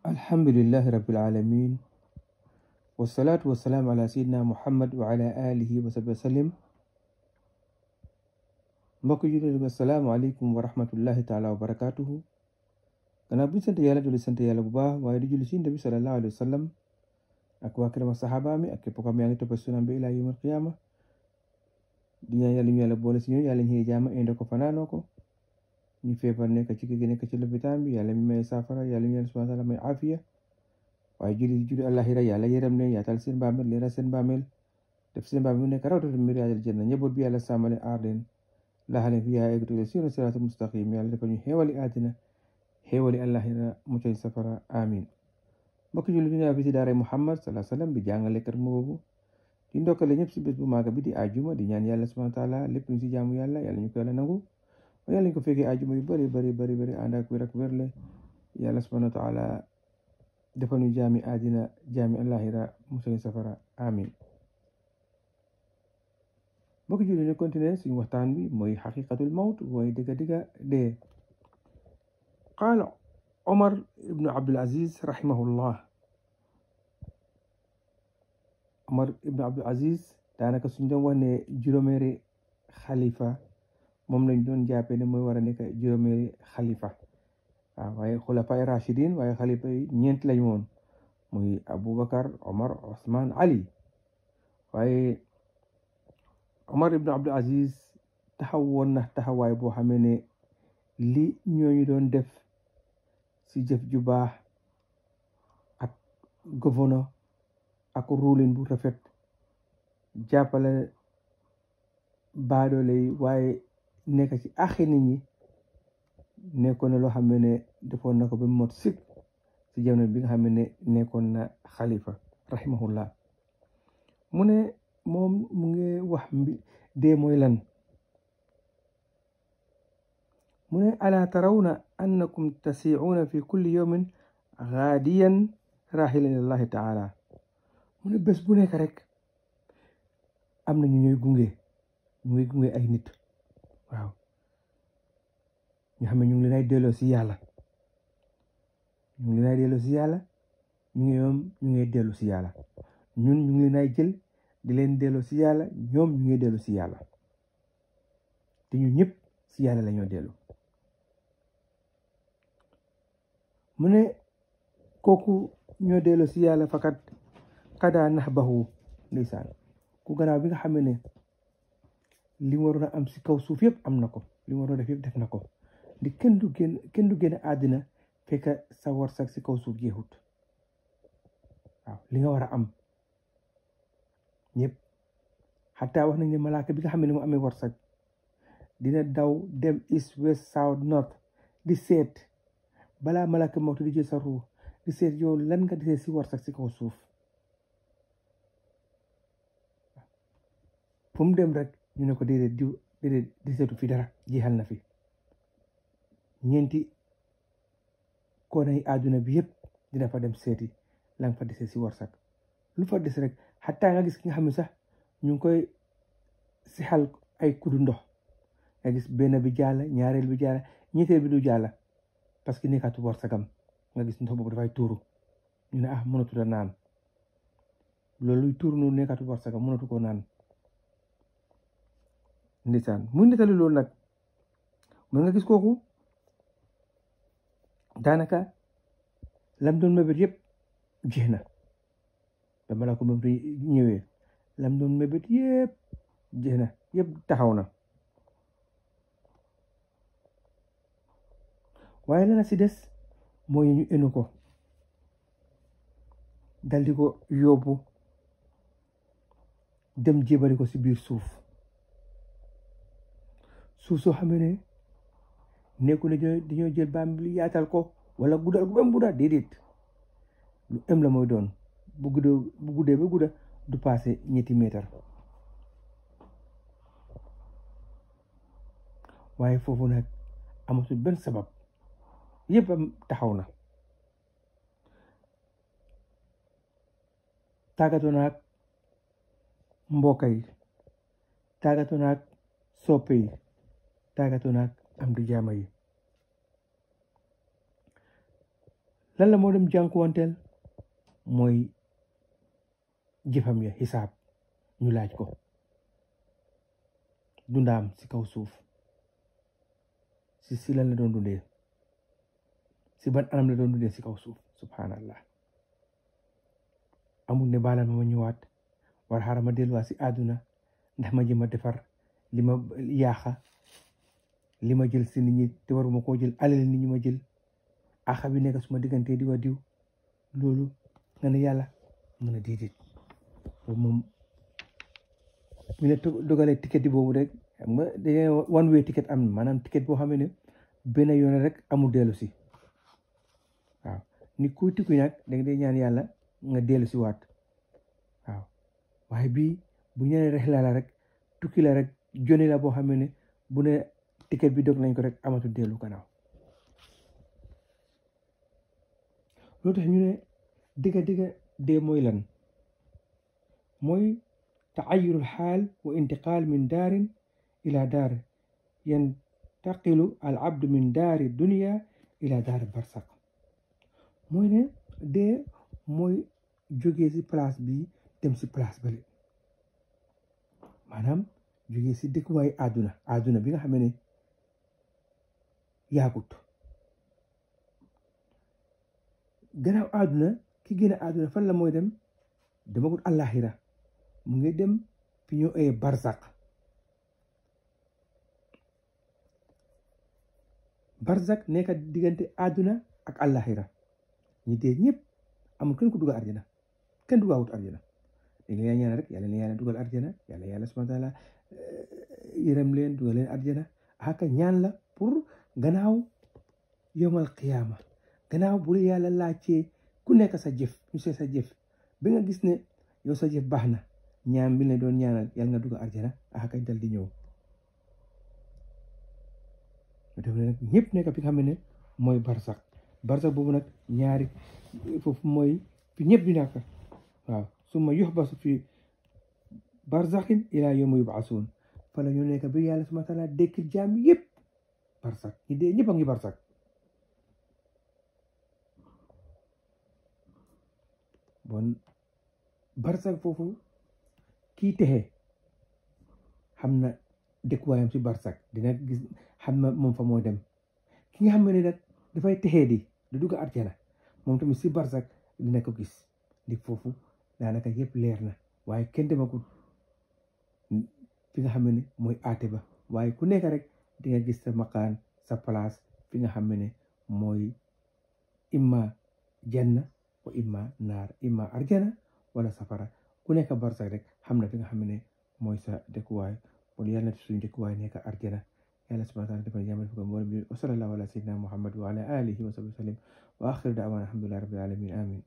الحمد لله رب العالمين والصلاة والسلام على سيدنا محمد وعلى آله وصحبه وسلم مكجر السلام عليكم ورحمة الله تعالى وبركاته أنا أبو سنتي يالا جولي سنتي يالا بابا ويدي النبي صلى الله عليه وسلم أكو أكرم الصحابة أمي أكي بقام يعني تبسونا بإلى يوم القيامة دي يالا يالا بولي سنيو يالا هي جامع إندكو فنانوكو ñu feebar nekk ci kii nekk ci lopitaan bi yàlla mi may saafara yàlla mi subhaanahu wa taala may afiya waaye julli julli àllaaxira yàlla yërëm leen yaatal seen bàmmeel leeral seen bàmmeel def seen bàmmeel nekk rawtatu mbir yaajal janna njaboot bi yàlla sàmmale aar leen laxale fi yaa egtule seen siraatu mustaqim yàlla defal ñu xéewali àddina xéewali àllaaxira muccoy safara amin mbokk julli dina fi si daaray muhammad salaa sallam bi jàngalekat mu boobu di ndokkale ñëpp si bés bu maaga bi di ñaan yàlla subhaanahu wa lépp ñu si jaamu yàlla yàlla ñu ko yàlla nangu yàlla ñu ko fekkee ajuma yu bari bari bari bari ànd ak wér ak wérle yàlla subhanahu taala defal jaami àddina jaami àllaaxira musal safara amin mbokk waxtaan bi mooy xaqiqatul daanaka suñ doon wax moom lañ doon jàppee ne mooy war a nekk juróomeeri xalifa waaw waaye xulafaay rachidin waaye xalifa ñeent lañ woon muy Aboubacar Omar Ousmane Ali waaye Omar ibn Abdul Aziz taxaw woon na taxawaay boo xamee ne li ñooñu doon def si jëf ju baax ak gouverneur ak ruulin bu rafet jàppale baadoole nekk ci axi nit ñi nekkoon na loo xam ne defoon na ko ba mot sik si jamono bi nga xam ne nekkoon na xalifa rahimahullah mu ne moom mu ngi wax mbi dee mooy lan mu ne alaa tarawna annakum tasiuuna fi kulli yawmin gaadiyan rahilan ilallahi taala mu ne bés bu nekk rek am na ñu ñuy gunge ñu ngi gunge ay nit waaw nga xam ne ñu ngi leen ay delloo si yàlla ñu ngi leen ay delloo si yàlla ñu ngi dellu si yàlla ñun ñu ngi leen ay jël di leen delloo si yàlla ñoom ñu ngi dellu si yàlla te ñu ñëpp si yàlla la dellu mu ne kooku ñoo dellu si yàlla fakat xadaa nax baxu ndeysaan ku gannaaw bi nga xam ne li mu am si kaw suuf yëpp am na ko li def yëpp def na ko kenn du génn àddina fekk sa warsak si kaw suuf jeexut waaw li nga war a am ñëpp xataa wax nañ ne malaaka bi nga xam ne mu amee warsak dina daw dem east west south north di seet balaa malaaka mawtu di jël sa ruu di seet yow lan nga desee si warsak si kaw suuf fu mu dem rek ñu ne ko déedéet diw déedéet desetu fi dara jeexal na fi ñeenti koona yi àdduna bi yëpp dina fa dem seeti la nga fa dese si warsak lu fa des rek xataa nga gis ki nga xam ne sax ñu ngi koy sixal ay kudu ndox nga gis benn bi jaala ñaareel bi jaala ñetteel bi du jaala parce que nekkaatu warsakam nga gis ndox boobu dafay tuuru ñu ne ah mënatu la naan loolu tuuru noonu nekkaatu warsakam mënatu koo naan ndeysaan muy nettali loolu nag mën nga gis kooku daanaka lam doon mébét yëpp jeex na ba balaa ko lam doon mébét yëpp jeex na yëpp taxaw na waaye lana si des mooy ñu enu ko daldi ko yóbbu dem jébali ko si biir suuf suuf soo xamee ne nekku ne dañoo jël baam bi yaatal ko wala guddal ko ba gudda déedéet lu am la mooy doon bu guddee bu guddee ba gudda du passé ñetti mètre waaye foofu nag amatul benn sabab yëpp taxaw na tàggatoo naag mbokk yi tàggatoo naag soppe yi tàggatu naag am di jaama yi lan la moo dem jànkuwanteel mooy jëfam ya xisaab ñu laaj ko dundaam si kaw suuf si si doon dundee si ban anam la doon dundee si kaw suuf subhanallah amul ne baalal ma ma ñëwaat war xaaral ma delluwaat si àdduna ndax ma jëm defar li yaaxa li ma jël si nit ñi te waruma koo jël alal nit ñi ma jël axa bi nekk suma diggantee di wa diw loolu nga ne yàlla mën a déedéet loolu moom mu ne dogalee ticket yi boobu rek xam nga am na boo xam ne benn yoon rek amul dellu si waaw ni danga day ñaan yàlla nga dellu si waat waaw waaye bii bu ñaanee rexla la rek tukki la rek joni la boo xam ne bu ne ticket bi dog nañ ko rek amatu dellu gannaaw loolu tax ñu ne digga digga dee mooy lan mooy taayurul xaal wa intiqaal min daarin ila daar yantaqilu al abdu min daari dunia ila daari barsaq mooy ne dee mooy jógee si place bi dem si place bale maanaam jógee si dëkkuwaay àdduna àdduna bi nga xam ne yaagut gannaaw àdduna ki génn àdduna fan la mooy dem demagut àllaaxira mu ngi dem fi ñu ay barzak barzak nekk diggante àdduna ak àllaaxira ñu dee ñëpp amul kenn ku dugal arjana kenn dugaawut arjana dañ leen ñaan yàlla na yàlla dugal arjana yàlla yàlla subhanahu wa taala eh, yërëm leen dugal leen arjana haka ñaan la pour gannaaw yowmal qiyaama gannaaw bu la laa ci ku nekk sa jëf ñu seet sa jëf bi nga gis ne yow sa jëf baax na ñaam bi ne doon ñaanal yàlla nga dugg arjana ah kay di ñëw def ñëpp nekk fi nga xam ne mooy barsak barsak boobu nag ñaari foofu mooy fi ñëpp di nekk waaw summa yuxbasu fi barsakin ilaa yawmi yubasuun fa la ñu nekk bi yàlla subhaanahu wa taala dékk jaam yëpp barsak ñi dee ñëpp a ngi barsak bon barsak foofu kii texe xam na dëkkuwaayam si barsak dina gis xam na moom fa moo dem ki nga xam ne nag dafay texe di du dugg arjana moom tamit si barsak dina ko gis di foofu daanaka yëpp leer na waaye kenn demagul fi nga xam ne mooy aate ba waaye ku nekk rek di nga gis sa sa place fi nga xam ne mooy imma janna wa imma naar imma arjana wala safara ku nekk barsax rek xam na fi nga xam ne mooy sa dëkkuwaay wala yàlla na suñu dëkkuwaay nekk arjana yàlla subhanahu wa taala defal jàmm defal ko mboolem bi ala sayyidina muhammad wa ala alihi wa sahbihi wa sallam wa axiru daawana alhamdulillahi rabbil alamin amin